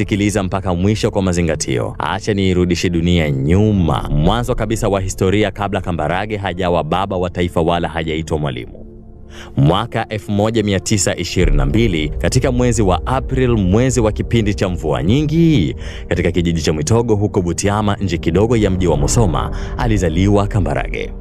Sikiliza mpaka mwisho kwa mazingatio. Acha niirudishe dunia nyuma, mwanzo kabisa wa historia, kabla Kambarage hajawa baba wa taifa wala hajaitwa mwalimu. Mwaka 1922 katika mwezi wa April, mwezi wa kipindi cha mvua nyingi, katika kijiji cha Mwitogo huko Butiama, nje kidogo ya mji wa Musoma, alizaliwa Kambarage.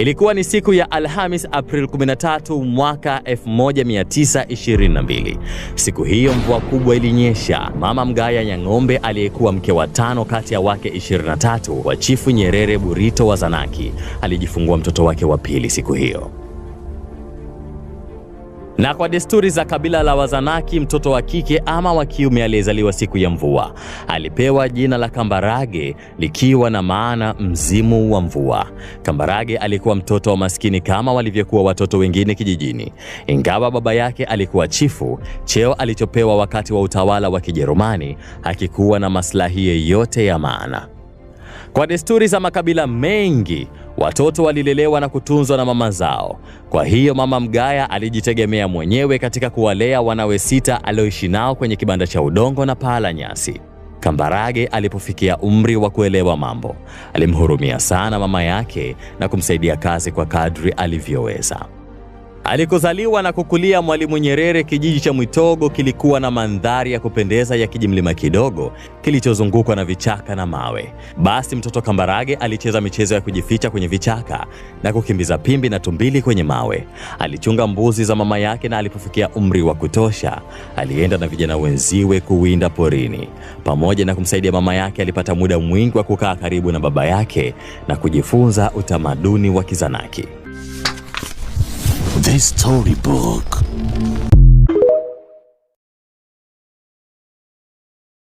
Ilikuwa ni siku ya Alhamis, April 13 mwaka 1922. Siku hiyo mvua kubwa ilinyesha. Mama Mgaya Nyang'ombe aliyekuwa mke wa tano kati ya wake 23 wa Chifu Nyerere Burito wa Zanaki alijifungua mtoto wake wa pili siku hiyo. Na kwa desturi za kabila la Wazanaki, mtoto wa kike ama wa kiume aliyezaliwa siku ya mvua alipewa jina la Kambarage, likiwa na maana mzimu wa mvua. Kambarage alikuwa mtoto wa maskini kama walivyokuwa watoto wengine kijijini. Ingawa baba yake alikuwa chifu, cheo alichopewa wakati wa utawala wa Kijerumani hakikuwa na maslahi yeyote ya maana. Kwa desturi za makabila mengi, Watoto walilelewa na kutunzwa na mama zao. Kwa hiyo mama Mgaya alijitegemea mwenyewe katika kuwalea wanawe sita alioishi nao kwenye kibanda cha udongo na paa la nyasi. Kambarage alipofikia umri wa kuelewa mambo, alimhurumia sana mama yake na kumsaidia kazi kwa kadri alivyoweza. Alikozaliwa na kukulia Mwalimu Nyerere, kijiji cha Mwitogo kilikuwa na mandhari ya kupendeza ya kijimlima kidogo kilichozungukwa na vichaka na mawe. Basi mtoto Kambarage alicheza michezo ya kujificha kwenye vichaka na kukimbiza pimbi na tumbili kwenye mawe. Alichunga mbuzi za mama yake, na alipofikia umri wa kutosha alienda na vijana wenziwe kuwinda porini. Pamoja na kumsaidia mama yake, alipata muda mwingi wa kukaa karibu na baba yake na kujifunza utamaduni wa Kizanaki. storybook.